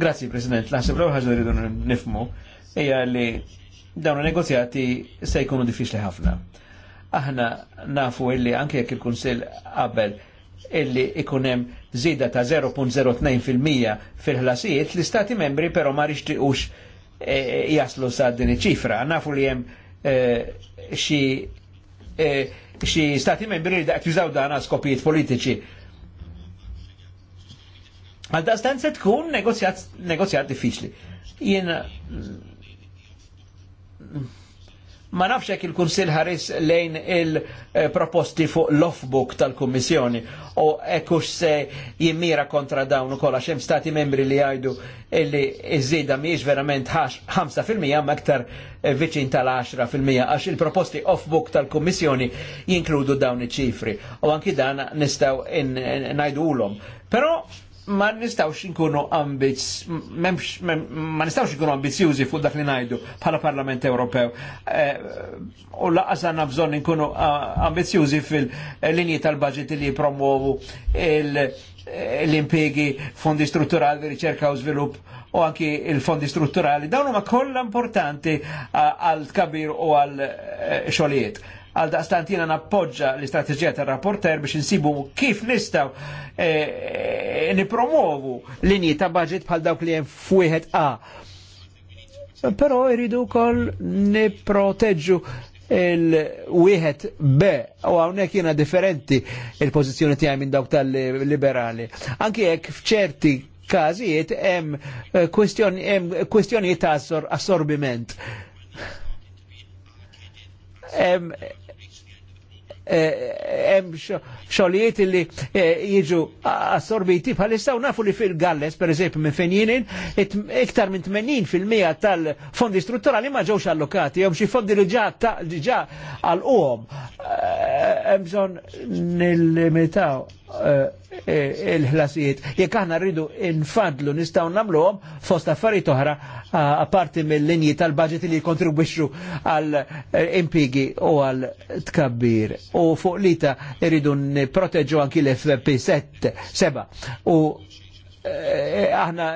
Grazzi, President. Laħseb l ħaġa li rridu nifmu hija li dawn il-negozjati se jkunu diffiċli ħafna. Aħna nafu illi anke jekk il-Kunsill qabel illi ikun hemm żieda ta' 0.02% fil-ħlasijiet, l-istati membri però ma rixtiqux e, e, jaslu sa' din iċifra. Nafu li hemm e, xi stati membri li daqt jużaw dan skopijiet politiċi. Għal dastan se tkun negozjat, negozjat diffiċli. Jiena. Ma nafx hekk il-Kunsill ħares lejn il-proposti fuq l-offbook tal-Kummissjoni u ekkux se jimmira kontra dawn ukoll għax hemm stati membri li jgħidu li iż mhijiex verament 5% ma aktar eh, viċin tal-10% għax il-proposti offbook tal-Kummissjoni jinkludu dawn iċ-ċifri u anki dan nistgħu ngħidulhom. Però ma nistawx nkunu ambiz, ma nistawx nkunu ambizjużi fuq dak li najdu bħala Parlament Ewropew. Eh, u laqas għanna bżon nkunu ambizjużi fil-linji tal-budget li promuovu l-impiegi, fondi strutturali, riċerka u svilupp u anki il-fondi strutturali. Dawn huma kollha importanti għal kabir u għal eh, xogħlijiet. E, għal daqstant jina nappoġġa l-istrateġija tal rapporter biex insibu kif nistaw eh, eh, nipromovu linji ta' budget bħal dawk li jem fwieħed A. Pero jridu kol niproteġu il-wieħed B u hawnhekk jiena differenti il-pożizzjoni tiegħi minn dawk tal-liberali. Anki jekk f'ċerti każijiet hemm eh, kwestjonijiet ta' assorbiment. Assor hemm eh, xogħlijiet li eh, jiġu assorbiti bħalissa u nafu li fil-Galles, per eżempju, minn fenjinin, iktar minn 80% tal-fondi strutturali ma ġewx allokati, hemm xi fondi li ġa għal-qom. Eh, hemm nil-limitaw. Eh, eh, il-ħlasijiet. Jekk aħna rridu infadlu nistgħu nagħmluhom fost affarijiet oħra apparti mill-linji tal-budget li jkontribwixxu għal eh, impigi u għal tkabbir. U fuq lita rridu nipproteġġu anki l-FP 7 u aħna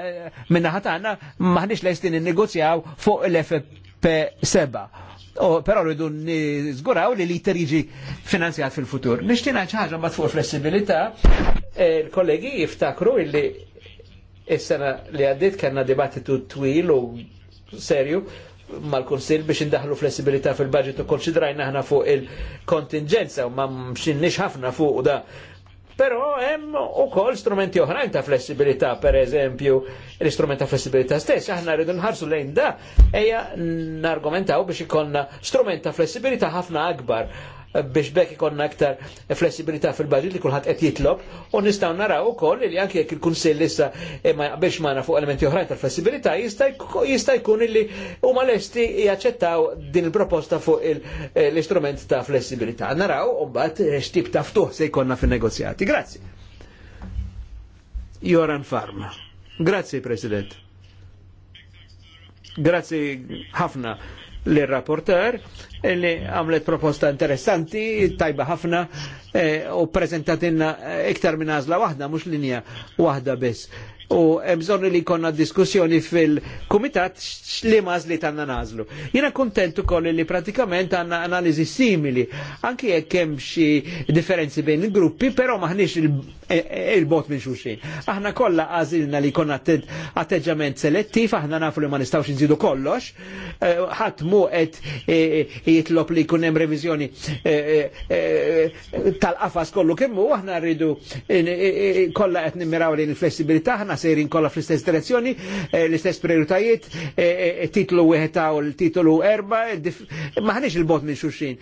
minna ħatana maħniex lestin negozjaw fuq l-FP 7 O, però rridu nizguraw li li jiġi finanzjat fil-futur. Nishtina ċaħġa ma fuq flessibilità, il-kollegi e, jiftakru illi is-sena li għaddit kanna dibattitu twil u serju mal-Konsil biex indaħlu flessibilità fil-budget u konċidrajna ħna fuq il-kontingenza u ma mxinniex ħafna fuq da Però hemm ukoll strumenti oħrajn ta' flessibilità, per eżempju, l-istrument ta' flessibilità stess, aħna rridu nħarsu lejn da, eja nargumentaw biex ikonna strument ta' flessibilità ħafna akbar biex bekk ikonna aktar flessibilità fil-budget li kulħadd qed jitlob u nistgħu naraw ukoll li anke jekk il-Kunsill issa biex eh, jaqbilx magħna fuq elementi oħrajn tal-flessibilità jista' jkun illi huma lesti jaċċettaw din il-proposta fuq eh, l-istrument ta' flessibilità. Naraw u mbagħad eh, x'tip ta' ftuħ se jkollna fin-negozjati. Grazzi. Joran Farma. Grazzi President. Grazzi ħafna l-rapporter li għamlet proposta interessanti, tajba ħafna eh, u prezentatinna iktar minn għazla wahda, mux linja wahda biss. U bżonni li konna diskussjoni fil-komitat li mażli tanna nażlu. Jena kontentu koll li pratikament għanna analizi simili, anki jekk hemm xi differenzi bejn il-gruppi, però maħniex il-bot minn xuxin. Aħna kollha għażilna li konna atteġġament selettiv, aħna nafu li ma nistawx nżidu kollox, ħadd mu qed jitlob li jkun hemm reviżjoni tal-qafas kollu kemm hu aħna rridu kollha qed nimmiraw li l-flessibilità, aħna sejrin kollha fl-istess direzzjoni, l-istess prioritajiet, titlu wieħed u l titlu erba, maħniex il-bot minn xuxin.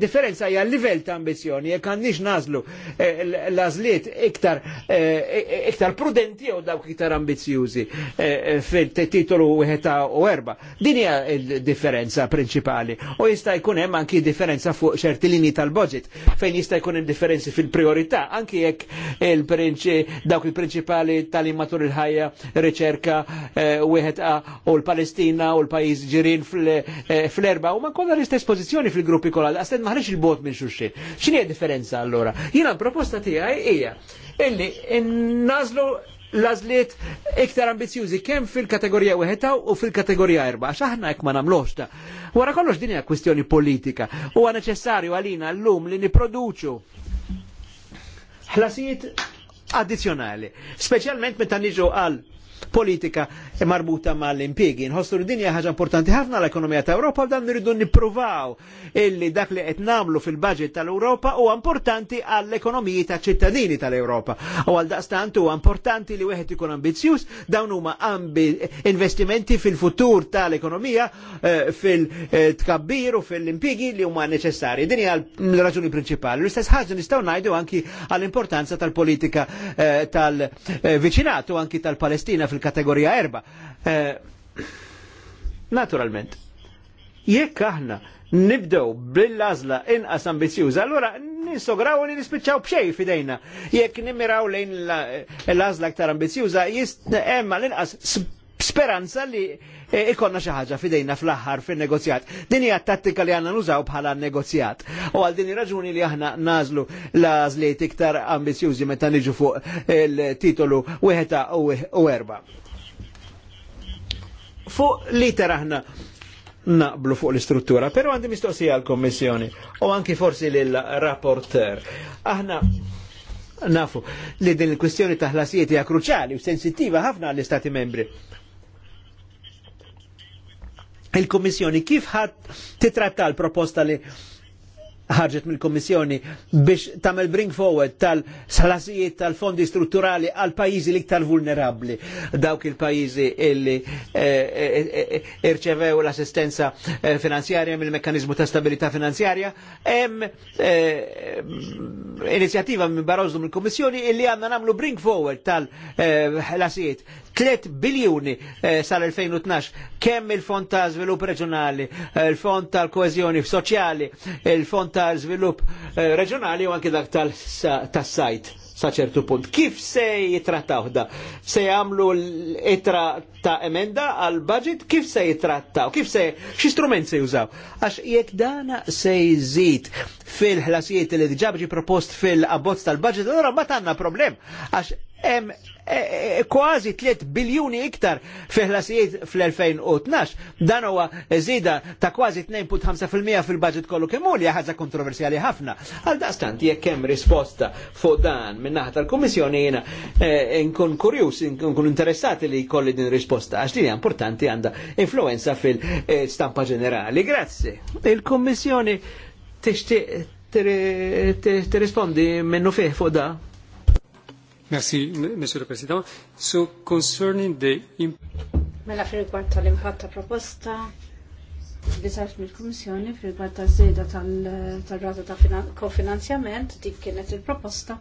Differenza hija l-livell ta' ambizzjoni, jekk għandniex nażlu l-għażliet iktar eh, iktar prudenti jew dawk iktar ambizjużi eh, eh, fil-titolu wieħed u erba. Din hija differenza prinċipali. U jista' jkun hemm anki differenza fuq ċerti linji tal-budget fejn jista' jkun hemm differenzi fil-priorità anki jekk dawk il-prinċipali tal matur il-ħajja, riċerka wieħed u l-Palestina u l-pajjiż ġirin fl-erba' u ma kollha l-istess pożizzjoni fil-gruppi kollha, Għastet maħriġ il-bot minn xulxin. X'inhi differenza allora? Jiena l-proposta tiegħi hija hija illi nażlu lażliet iktar ambizjużi kemm fil-kategorija wieħed u fil-kategorija erba' għax aħna hekk ma nagħmlux ta. Wara kollox din hija kwistjoni politika. Huwa neċessarju għalina llum li niproduċu ħlasijiet addizzjonali, speċjalment meta niġu għal politika marbuta mal-impiegi. Nħossu li dinja ħaġa importanti ħafna l-ekonomija ta' Ewropa u dan nridu nipruvaw illi dak li qed nagħmlu fil-budget tal-Ewropa huwa importanti għall-ekonomiji ta' ċittadini tal-Ewropa. U għal daqstant huwa importanti li wieħed ikun ambizjuż, dawn huma investimenti fil-futur tal-ekonomija eh, fil-tkabbir u fil-impiegi li huma neċessari. Din hija l-raġuni prinċipali. L-istess ħaġa nistgħu ngħidu anki għall-importanza tal-politika eh, tal-viċinatu eh, anki tal-Palestina tpoġġina fil-kategorija erba. Eh, naturalment, jekk aħna nibdew bil-lazla inqas ambizjuża, allura ninsograw li nispiċċaw bxej fidejna. Jekk nimmiraw lejn l-lazla aktar ambizjuża, hemm l-inqas speranza li eh, ikonna xi ħaġa fidejna fl-aħħar fin-negozjat. Din hija tattika li għandna nużaw bħala negozjat. U għal din raġuni li aħna nażlu l-għażliet iktar ambizjużi meta niġu fuq il-titolu wieħed u erba. Fuq liter aħna naqblu fuq l-istruttura, pero għandi mistoqsija għal-Kommissjoni u anki forsi lill-rapporter. Aħna nafu li din il-kwestjoni ta' ħlasijiet hija kruċjali u sensittiva ħafna għall-Istati membri il-Kommissjoni kif ħadd titratta l-proposta li ħarġet mill-Kommissjoni biex tamel bring forward tal-salasijiet tal-fondi strutturali għal pajizi liktar vulnerabli. Dawk il-pajizi illi eh, eh, eh, irċevew l-assistenza finanzjarja mill-mekkanizmu ta' stabilità finanzjarja, hemm inizjattiva minn Barroso mill-Kommissjoni illi għandna namlu bring forward tal salasijiet 3 biljuni sal-2012 kemm il-fond ta' svilupp reġjonali, il-fond tal-koezjoni soċjali, il-fond ta' żvilupp eh, reġjonali u anke dak tas-sajt sa' ċertu punt. Kif se jitrattaw da? Se jagħmlu l-itra ta' emenda għal budget kif se jitrattaw? Kif se xi strument se jużaw? Għax jekk dana se jżid fil-ħlasijiet li diġà propost fil-abbozz tal-budget, allora ma tanna problem. Għax kważi 3 biljuni iktar fiħlasijiet fl-2012. Dan huwa żida ta' kważi 2.5% fil-budget kollu kemm hu li ħaġa kontroversjali ħafna. Għal daqstant jekk hemm risposta fuq dan minn naħa tal-Kummissjoni jiena nkun kurjus, nkun interessati li jkolli din risposta għax li importanti għandha influenza fil-stampa ġenerali. Grazzi. Il-Kummissjoni tixtieq tirrispondi minnu fih fuq da? Merci, Monsieur le President.
So, concerning the...
Mela fil tal-impat ta' proposta li sarf mill-Kummissjoni fil-rigward ta' tal-rata ta' kofinanzjament, dik kienet il-proposta.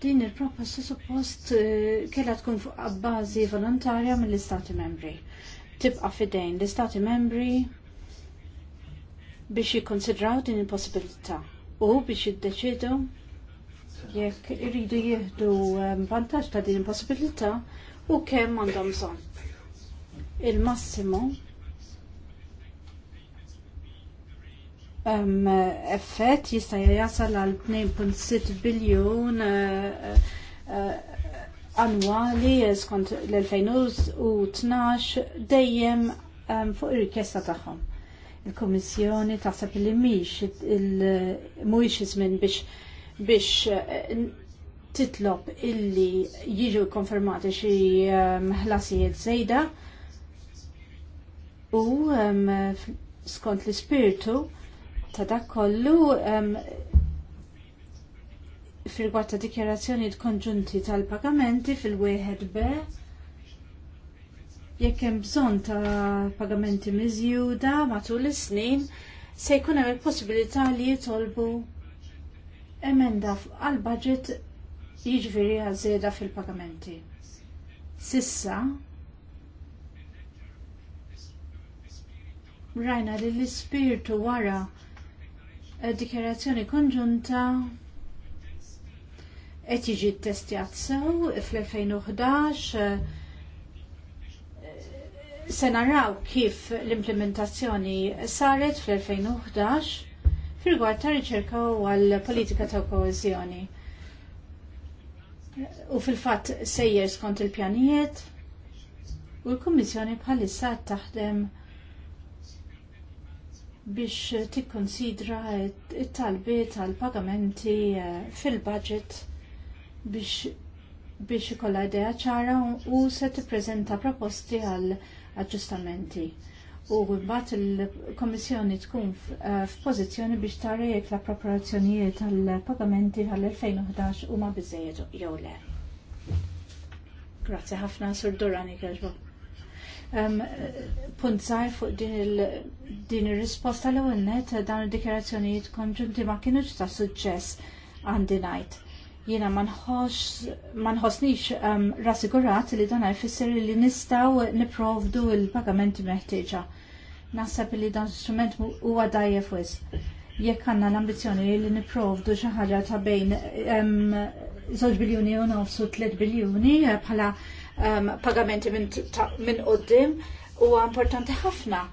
Din il-proposta suppost eh, kellha tkun fuq abbażi volontarja mill-Istati membri. Tibqa' fidejn l-Istati membri biex jikkonsidraw din il-possibilità u biex jiddeċidu jekk iridu jieħdu ehm, vantaġġ ta' din il-possibilità u kemm għandhom bżonn. Il-massimo ehm, effett jista' jasal għal 2.6 biljun eh, eh, eh, annwali skont l-2012 dejjem ehm, fuq ir-rikjesta tagħhom. Il-Kummissjoni taħseb li mhix il mhuwiex iż-żmien biex biex eh, titlob illi jiġu konfermati xi ehm, ħlasijiet żejda u ehm, skont l-ispirtu ta' dak kollu ehm, firgwat ta' dikjarazzjoni konġunti tal-pagamenti fil-wieħed B jekk hemm bżonn ta' pagamenti miżjuda matul is-snin se jkun hemm il-possibilità li jitolbu emenda għal-budget jiġviri għazeda fil-pagamenti. Sissa, rajna li l-ispirtu wara dikjerazzjoni konġunta qed jiġi ttestjat sew fl-2011 se naraw kif l-implementazzjoni saret fl-2011 fil-gwad ta' riċerka u għal-politika ta' koezjoni. U fil-fat sejjer skont il-pjanijiet u l-Kommissjoni bħalissa taħdem biex tikkonsidra it-talbiet tal pagamenti eh, fil-budget biex biex ikolla idea ċara u se tippreżenta proposti għal aġġustamenti u mbagħad il-Kommissjoni tkun eh, f'pożizzjoni biex tara jekk l tal-pagamenti għal 2011 huma bizzejiet jew le. Grazzi ħafna Sur Durani Gerbo. punt zaħi fuq din il-risposta l ewwel dan il-dikjarazzjonijiet konġunti ma kienux ta' suċċess għandi ngħid. Jiena ma nħossnix rassigurat li dan fissir li nistgħu nipprovdu l pagamenti meħtieġa Naħseb li dan l-istrument huwa dajjef wis. Jekk għandna l-ambizzjoni li nipprovdu xi ħaġa ta' bejn żewġ biljuni u nofsu 3 biljuni eh, bħala pagamenti minn qudiem huwa importanti ħafna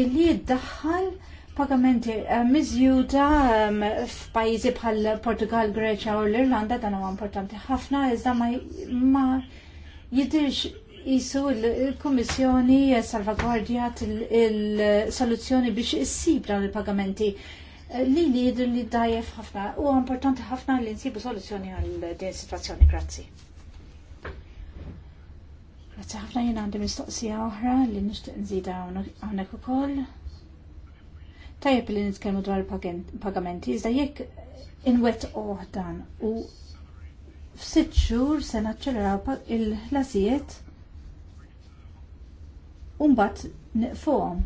illi jiddaħħal pagamenti eh, miżjuda f'pajjiżi bħal Portugal, Greċja u l-Irlanda dan huwa importanti ħafna iżda ma jidirx jisu il-Kommissjoni salvaguardja il-soluzzjoni biex issib dawn il-pagamenti eh, li li jidr li dajef ħafna u importanti ħafna li nsibu soluzzjoni għal din situazzjoni. Grazzi. Grazzi ħafna jien għandi mistoqsija oħra li nixtieq nżida hawnhekk ukoll. Tajjeb li nitkellmu dwar il pagamenti, iżda jekk inwet dan u f'sitt xhur se naċċeleraw il-ħlasijiet Umbat nifuhom.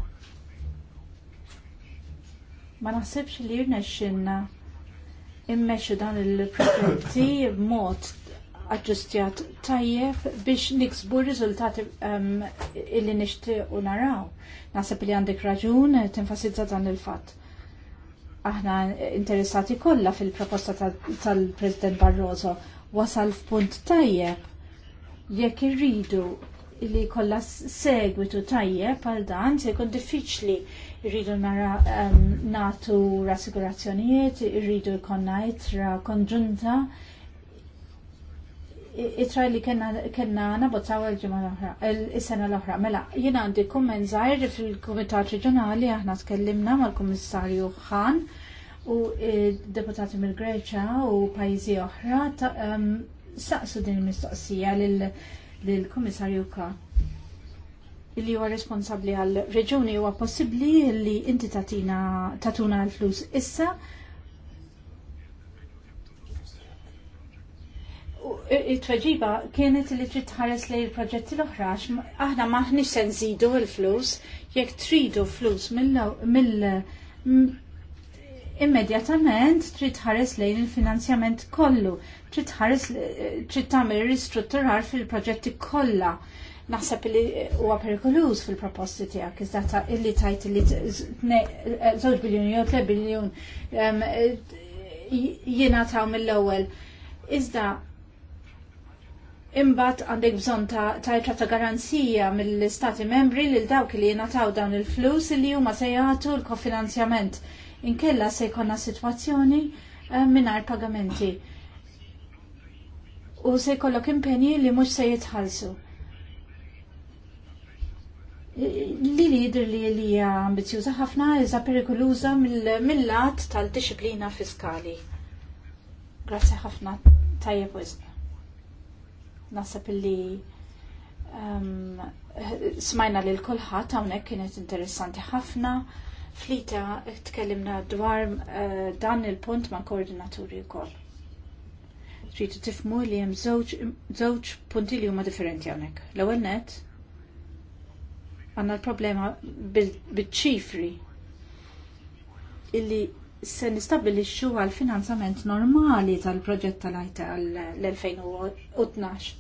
Ma naħsibx li xinna immeċu dan il-proġetti b'mod aġġustjat tajjeb biex niksbu r-riżultati li ehm, illi nixtiequ naraw. Naħseb li għandek raġun tinfasizza dan il-fatt aħna interessati kollha fil-proposta tal-President Barroso wasal f'punt tajjeb jekk irridu li kollha segwitu tajjeb għal dan se jkun diffiċli irridu nara ehm, natu rassigurazzjonijiet, irridu jkollna itra konġunta itra li kena nabozzaw il-ġimma l-oħra, il-sena l-oħra. Mela, jina għandi kummen zaħir fil-Komitat Reġjonali aħna tkellimna mal-Komissarju Khan u deputati mill greċa u pajjiżi oħra ehm, saqsu din il-mistoqsija lill-Kummissarju Ka li huwa responsabbli għal reġuni huwa possibbli li inti tatina tatuna l-flus issa it-tweġiba kienet li trid tħares lejn il-proġetti l-oħra aħna maħniex se nżidu l-flus jekk tridu flus mill immedjatament trid ħares lejn il-finanzjament kollu, trid ħares eh, trid tagħmel ristrutturar fil-proġetti kollha. Naħseb li huwa perikoluż fil-proposti tiegħek iżda ta' illi tajt li eh, żewġ biljun jew tle biljun jiena taw mill-ewwel. Iżda imbagħad għandek bżonn ta' ta' garanzija mill istati membri lil dawk li jingħataw dawn il-flus li huma se jagħtu l-kofinanzjament inkella se jkollna sitwazzjoni eh, mingħajr pagamenti. U se jkollok impenji li mhux se jitħallsu. Li li jidr li li ambizjuża ħafna iżda perikoluża mill-lat tal-disciplina fiskali. Grazzi ħafna tajjeb wisq. Nasab li ehm, smajna li l-kulħat hawnhekk kienet interessanti ħafna. Flita tkellimna dwar eh, dan il-punt ma' koordinaturi wkoll. Tridu tifmu li hemm żewġ punti li huma differenti hawnhekk. L-ewwel net għandna l-problema biċ-ċifri illi se nistabilixxu għal finanzament normali tal-proġett tal-ajta l-2012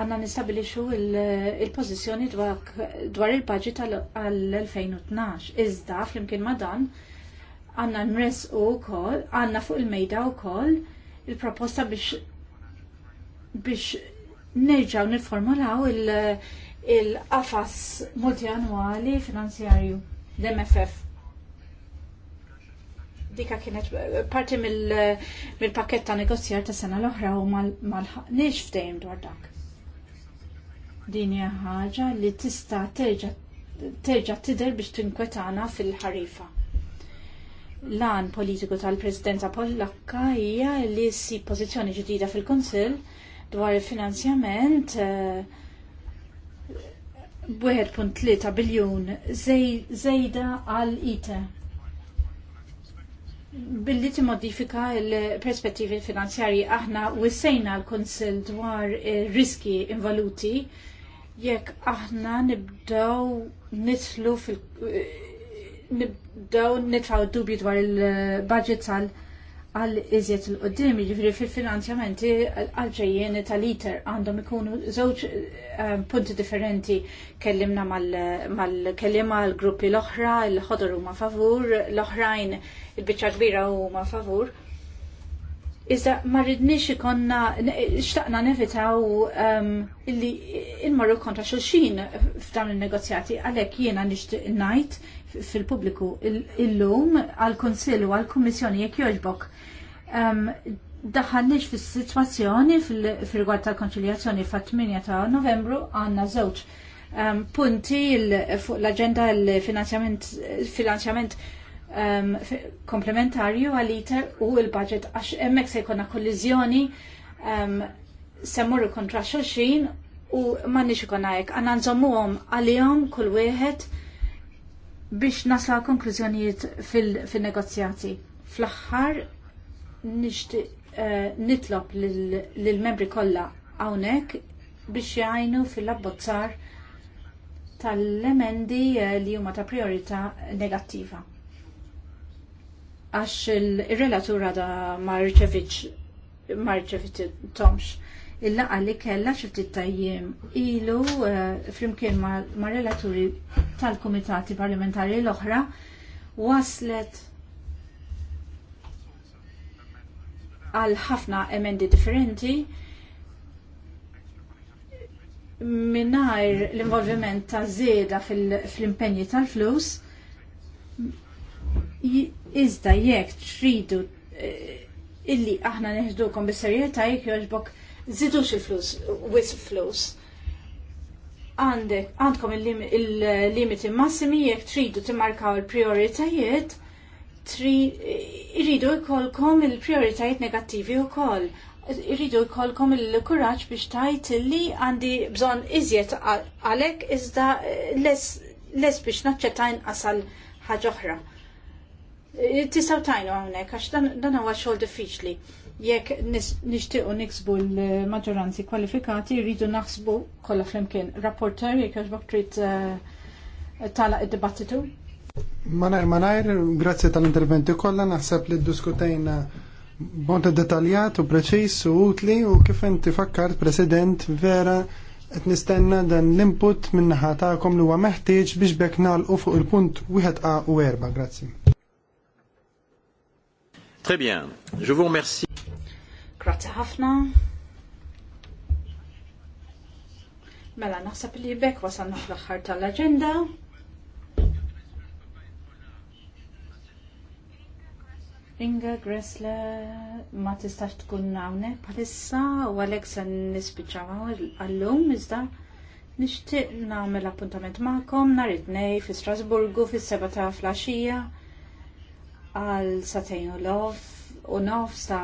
għanna nistabilixu il-pozizjoni dwar il-budget għal-2012. Iżda, flimkien ma dan, għanna nres u kol, għanna fuq il-mejda u kol, il-proposta biex biex nerġaw niformulaw il-qafas multianwali finanzjarju, l-MFF. Dika kienet parti mill pakketta ta' negozjar ta' sena l-oħra u mal-ħaqniex ftejm dwar dak Din hija ħaġa li tista' terġa' tidher biex tinkwetana fil-ħarifa. Lan politiku tal-Presidenza Pollakka hija li si pożizzjoni ġdida fil-Kunsill dwar il-finanzjament uh, eh, 1.3 biljun zejda għal ite billi timmodifika l-perspettivi finanzjarji aħna wissejna l-Konsil dwar eh, riski involuti Jekk aħna nibdew nitlu fil eh, nibdew nitfaw dubju dwar il-budget tal għal iżjed l-qoddim, ġifri fil-finanzjamenti għal-ġejjeni tal-iter għandhom ikunu żewġ eh, punti differenti kellimna mal-kellima l gruppi l-oħra, l-ħodor huma favur, l-oħrajn il-bicċa kbira huma favur. Iżda ma rridniex ikonna, xtaqna nevitaw um, illi il-marru kontra xulxin f'dawn il-negozjati għalek jiena nixtieq najt fil-pubbliku illum għal-Konsil u għal-Kummissjoni jekk joġbok. Um, Daħħalniex fis-sitwazzjoni fil-rigward tal-konċiljazzjoni fat-8 ta' Novembru għandna żewġ um, punti fuq l-agenda l-finanzjament um, komplementarju għal-ITER u il-budget għax emmek se jkonna kollizjoni um, semmurru kontra xoxin u manni xikonna jek għanna nżommu għom għal-jom kull wieħed biex nasla konklużjonijiet fil-negozjati. Fil Fl-axħar uh, nitlob lill-membri kollha hawnhekk biex jgħajnu fil-abbozzar tal-emendi uh, li huma ta' priorità negattiva għax il-relatura da Marċevic Marċevic Tomx il-laqa li kella xifti tajjim ilu eh, flimkien ma' relaturi tal-komitati parlamentari l-oħra waslet għal ħafna emendi differenti minnajr l-involviment ta' zeda fil-impenji tal-flus iżda jekk tridu eh, illi aħna neħdukom bis-serjetà jekk jogħġbok żidux il-flus, wis flus. Għandek, għandkom il-limiti massimi jekk tridu timmarkaw il-prioritajiet, irridu jkollkom il-prioritajiet negattivi wkoll. Irridu jkollkom il-kuraġġ biex tajt li għandi bżonn iżjed għalek iżda eh, les biex naċċetta inqasal ħaġa oħra tisaw tajnu għawnek, għax dan huwa xogħol diffiċli. Jekk nixtiequ niksbu l-maġġoranzi kwalifikati, rridu naħsbu kollha flimkien. Rapporter, jekk għax baktrit eh, tala id-dibattitu?
Manajr, manajr, grazzi tal-interventi kollha, naħseb li diskutajna bonta detaljat u preċis u utli u kif inti fakkart, President, vera qed nistenna dan l-input minnaħa tagħkom li huwa meħtieġ biex bekk nagħlqu fuq il-punt wieħed A u 4. Grazzi.
Très bien. Je vous remercie.
Grazie ħafna. Mela, naħseb li bekk wasalna fl-aħħar tal-aġenda. Inga Gressler, ma tistax tkun hawnhekk bħalissa u għalhekk se nispiċċaw għallum iżda nixtieq nagħmel appuntament magħkom nhar it-tnejn fi Strasburgu fis-seba' ta' flaxija għal satajn u lof u nof sa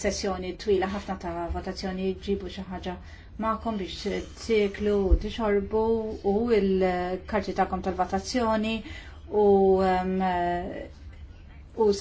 sessjoni twila ħafna ta' votazzjoni ġibu xaħġa ma'kom biex tiklu tixorbu u il-karti ta'kom tal-votazzjoni u um,